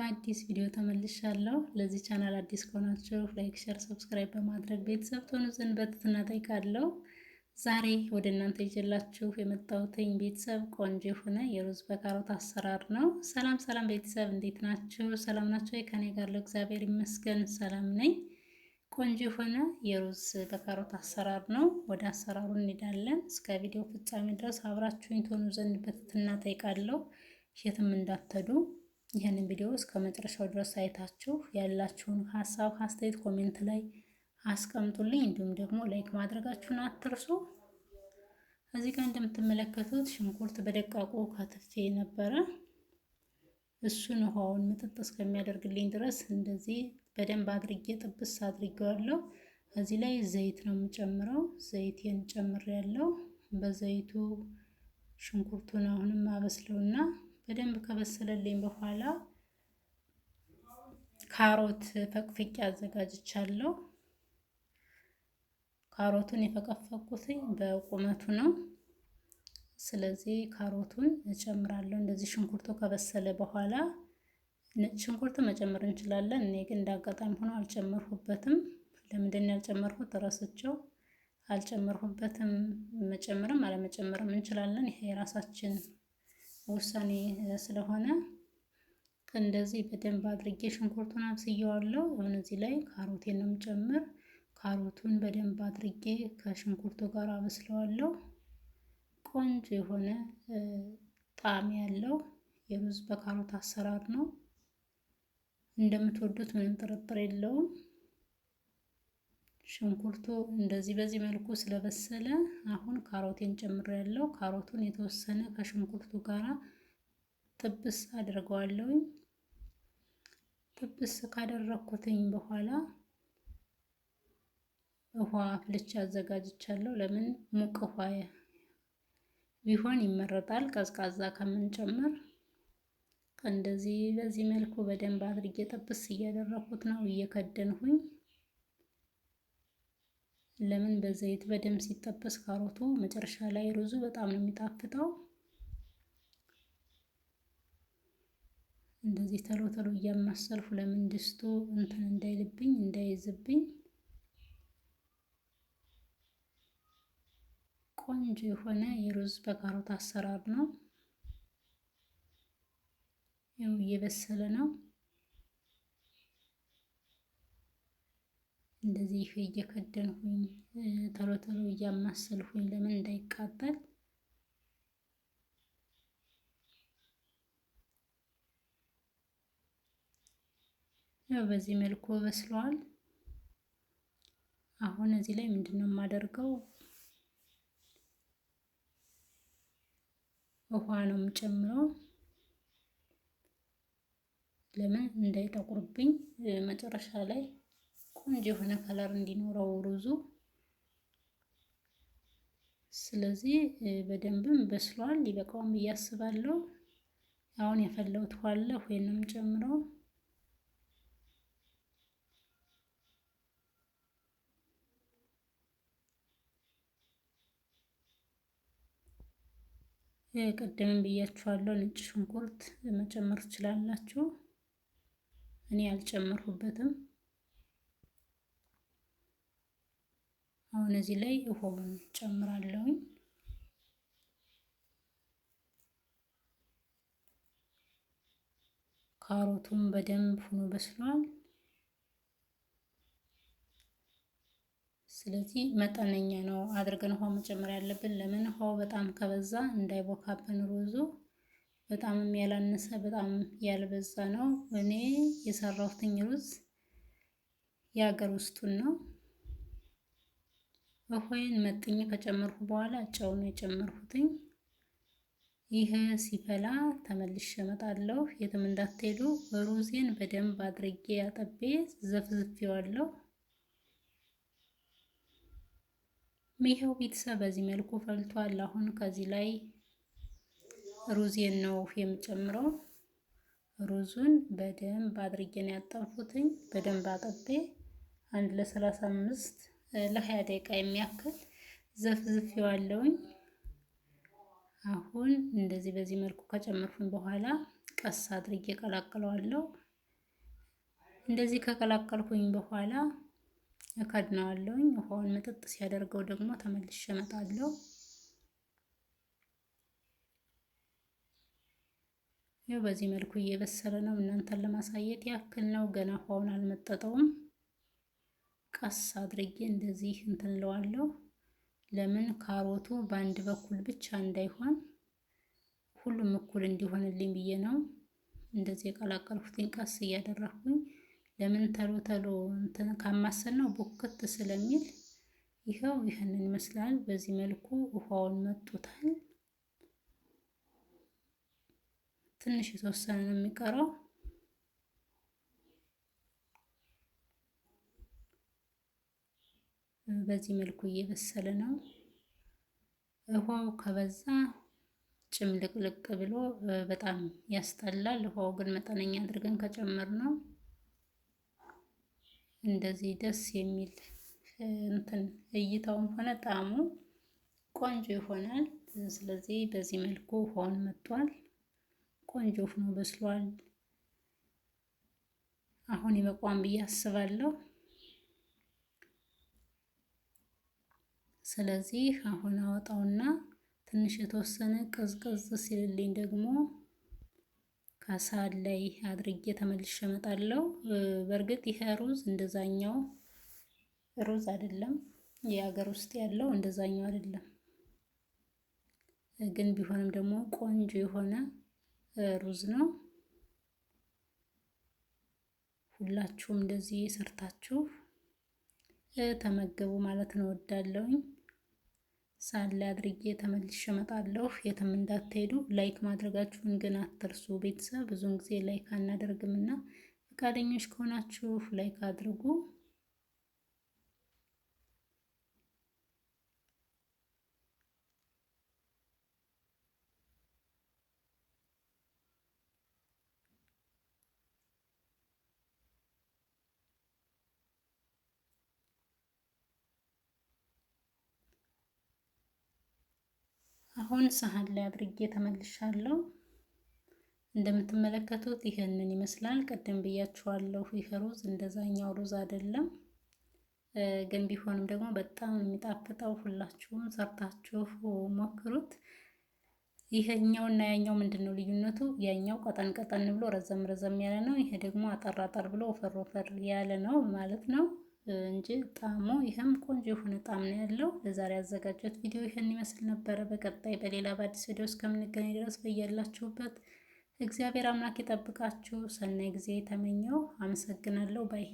በአዲስ ቪዲዮ ተመልሻለሁ። ለዚህ ቻናል አዲስ ከሆናችሁ ላይክ፣ ሸር፣ ሰብስክራይብ በማድረግ ቤተሰብ ትሆኑ ዘንድ በትህትና እጠይቃለሁ። ዛሬ ወደ እናንተ ይዤላችሁ የመጣሁትኝ ቤተሰብ ቆንጆ የሆነ የሩዝ በካሮት አሰራር ነው። ሰላም ሰላም ቤተሰብ እንዴት ናችሁ? ሰላም ናቸው? ከኔ ጋር እግዚአብሔር ይመስገን ሰላም ነኝ። ቆንጆ የሆነ የሩዝ በካሮት አሰራር ነው። ወደ አሰራሩ እንሄዳለን። እስከ ቪዲዮ ፍጻሜ ድረስ አብራችሁኝ ትሆኑ ዘንድ በትህትና እጠይቃለሁ። የትም እንዳትሄዱ ይህንን ቪዲዮ እስከ መጨረሻው ድረስ አይታችሁ ያላችሁን ሀሳብ አስተያየት ኮሜንት ላይ አስቀምጡልኝ። እንዲሁም ደግሞ ላይክ ማድረጋችሁን አትርሱ። እዚህ ጋር እንደምትመለከቱት ሽንኩርት በደቃቁ ከትፌ ነበረ። እሱን ውሃውን ምጥጥ እስከሚያደርግልኝ ድረስ እንደዚህ በደንብ አድርጌ ጥብስ አድርጌዋለሁ። እዚህ ላይ ዘይት ነው የምጨምረው። ዘይቴን ጨምሬያለሁ። በዘይቱ ሽንኩርቱን አሁንም አበስለውና በደንብ ከበሰለልኝ በኋላ ካሮት ፈቅፍቄ አዘጋጅቻለሁ። ካሮቱን የፈቀፈቁትኝ በቁመቱ ነው። ስለዚህ ካሮቱን እጨምራለሁ። እንደዚህ ሽንኩርቱ ከበሰለ በኋላ ነጭ ሽንኩርት መጨመር እንችላለን። እኔ ግን እንዳጋጣሚ ሆኖ አልጨመርሁበትም። ለምንድን ነው ያልጨመርሁት? እረስቸው አልጨመርሁበትም። መጨመርም አለመጨመርም እንችላለን። ይሄ የራሳችን ውሳኔ ስለሆነ እንደዚህ በደንብ አድርጌ ሽንኩርቱን አብስየዋለሁ። አሁን እዚህ ላይ ካሮቴን ነው የምጨምር። ካሮቱን በደንብ አድርጌ ከሽንኩርቱ ጋር አበስለዋለሁ። ቆንጆ የሆነ ጣዕም ያለው የሩዝ በካሮት አሰራር ነው። እንደምትወዱት ምንም ጥርጥር የለውም። ሽንኩርቱ እንደዚህ በዚህ መልኩ ስለበሰለ አሁን ካሮቴን ያለው ካሮቱን የተወሰነ ከሽንኩርቱ ጋራ ጥብስ አድርገዋለሁ። ጥብስ ካደረኩትኝ በኋላ ውሃ አፍልቼ አዘጋጅቻለሁ። ለምን ሙቅ ውሃ ቢሆን ይመረጣል፣ ቀዝቃዛ ከምንጨምር። እንደዚህ በዚህ መልኩ በደንብ አድርጌ ጥብስ እያደረኩት ነው እየከደንሁኝ ለምን በዘይት በደንብ ሲጠበስ ካሮቱ መጨረሻ ላይ ሩዙ በጣም ነው የሚጣፍጠው። እንደዚህ ተሎ ተሎ እያማሰልኩ ለምን ድስቱ እንትን እንዳይልብኝ እንዳይዝብኝ ቆንጆ የሆነ የሩዝ በካሮት አሰራር ነው። ያው እየበሰለ ነው። እንደዚህ እየከደንሁኝ ተሎ ተሎ እያማሰልሁኝ ለምን እንዳይቃጠል ያው በዚህ መልኩ በስለዋል። አሁን እዚህ ላይ ምንድን ነው የማደርገው? ውሃ ነው የምጨምረው። ለምን እንዳይጠቁርብኝ መጨረሻ ላይ ቆንጆ የሆነ ከለር እንዲኖረው ሩዙ። ስለዚህ በደንብም በስሏል ሊበቃውም አስባለሁ አሁን የፈለውት ኋለ ወይንም ጨምረው ቀደምን ብያችኋለሁ። ነጭ ሽንኩርት መጨመር ትችላላችሁ። እኔ አልጨመርሁበትም። አሁን እዚህ ላይ ውሃውን ጨምራለሁኝ። ካሮቱም በደንብ ሆኖ በስሏል። ስለዚህ መጠነኛ ነው አድርገን ውሃ መጨመር ያለብን። ለምን ውሃው በጣም ከበዛ እንዳይቦካብን ሩዙ በጣም ያላነሰ በጣም ያልበዛ ነው። እኔ የሰራሁትኝ ሩዝ የሀገር ውስጡን ነው። እሆይን መጥኜ ከጨመርኩ በኋላ ጨው ነው የጨመርኩትኝ። ይህ ሲፈላ ተመልሼ እመጣለሁ። የትም እንዳትሄዱ። ሩዜን በደንብ አድርጌ አጠቤ ዘፍዝፌዋለሁ። ይኸው ቤተሰብ በዚህ መልኩ ፈልቷል። አሁን ከዚህ ላይ ሩዜን ነው የምጨምረው። ሩዙን በደንብ አድርጌ ነው ያጠብኩትኝ። በደንብ አጠቤ አንድ ለሰላሳ አምስት ለሀያ ደቂቃ የሚያክል ዘፍዝፍ ዋለውኝ። አሁን እንደዚህ በዚህ መልኩ ከጨመርኩኝ በኋላ ቀስ አድርጌ ቀላቅለዋለሁ። እንደዚህ ከቀላቀልኩኝ በኋላ እከድነዋለሁኝ። ውሃውን መጠጥ ሲያደርገው ደግሞ ተመልሼ እመጣለሁ። ይኸው በዚህ መልኩ እየበሰለ ነው። እናንተን ለማሳየት ያክል ነው። ገና ውሃውን አልመጠጠውም። ቀስ አድርጌ እንደዚህ እንትን እለዋለሁ። ለምን ካሮቱ በአንድ በኩል ብቻ እንዳይሆን ሁሉም እኩል እንዲሆንልኝ ብዬ ነው እንደዚህ የቀላቀልኩትኝ ቀስ እያደረኩኝ። ለምን ተሎ ተሎ እንትን ካማሰል ነው ቡክት ስለሚል ይኸው ይህንን ይመስላል። በዚህ መልኩ ውሃውን መጡታል። ትንሽ የተወሰነ ነው የሚቀረው። በዚህ መልኩ እየበሰለ ነው። ውሃው ከበዛ ጭምልቅልቅ ብሎ በጣም ያስጠላል። ውሃው ግን መጠነኛ አድርገን ከጨመር ነው እንደዚህ ደስ የሚል እንትን እይታውም ሆነ ጣዕሙ ቆንጆ ይሆናል። ስለዚህ በዚህ መልኩ ውሃውን መጥቷል። ቆንጆ ሆኖ በስሏል። አሁን የመቋም ብዬ አስባለሁ። ስለዚህ አሁን አወጣውና ትንሽ የተወሰነ ቀዝቀዝ ሲልልኝ ደግሞ ከሳህን ላይ አድርጌ ተመልሼ እመጣለሁ። በእርግጥ ይሄ ሩዝ እንደዛኛው ሩዝ አይደለም፣ የሀገር ውስጥ ያለው እንደዛኛው አይደለም። ግን ቢሆንም ደግሞ ቆንጆ የሆነ ሩዝ ነው። ሁላችሁም እንደዚህ ሰርታችሁ ተመገቡ ማለት ነው። ወዳለውኝ ሳለ አድርጌ ተመልሼ እመጣለሁ። የትም እንዳትሄዱ። ላይክ ማድረጋችሁን ግን አትርሱ። ቤተሰብ ብዙውን ጊዜ ላይክ አናደርግምና እና ፈቃደኞች ከሆናችሁ ላይክ አድርጉ። አሁን ሰሃን ላይ አድርጌ ተመልሻለሁ። እንደምትመለከቱት ይህንን ይመስላል። ቀደም ብያችኋለሁ፣ ይህ ሩዝ እንደዛኛው ሩዝ አይደለም፣ ግን ቢሆንም ደግሞ በጣም የሚጣፍጠው ሁላችሁም ሰርታችሁ ሞክሩት። ይሄኛው እና ያኛው ምንድን ነው ልዩነቱ? ያኛው ቀጠን ቀጠን ብሎ ረዘም ረዘም ያለ ነው። ይሄ ደግሞ አጠር አጠር ብሎ ወፈር ወፈር ያለ ነው ማለት ነው። እንጂ ጣዕሙ ይህም ቆንጆ የሆነ ጣዕም ነው ያለው። ለዛሬ ያዘጋጀሁት ቪዲዮ ይህን ይመስል ነበረ። በቀጣይ በሌላ በአዲስ ቪዲዮ እስከምንገናኝ ድረስ በያላችሁበት እግዚአብሔር አምላክ ይጠብቃችሁ። ሰናይ ጊዜ ተመኘው። አመሰግናለሁ ባይ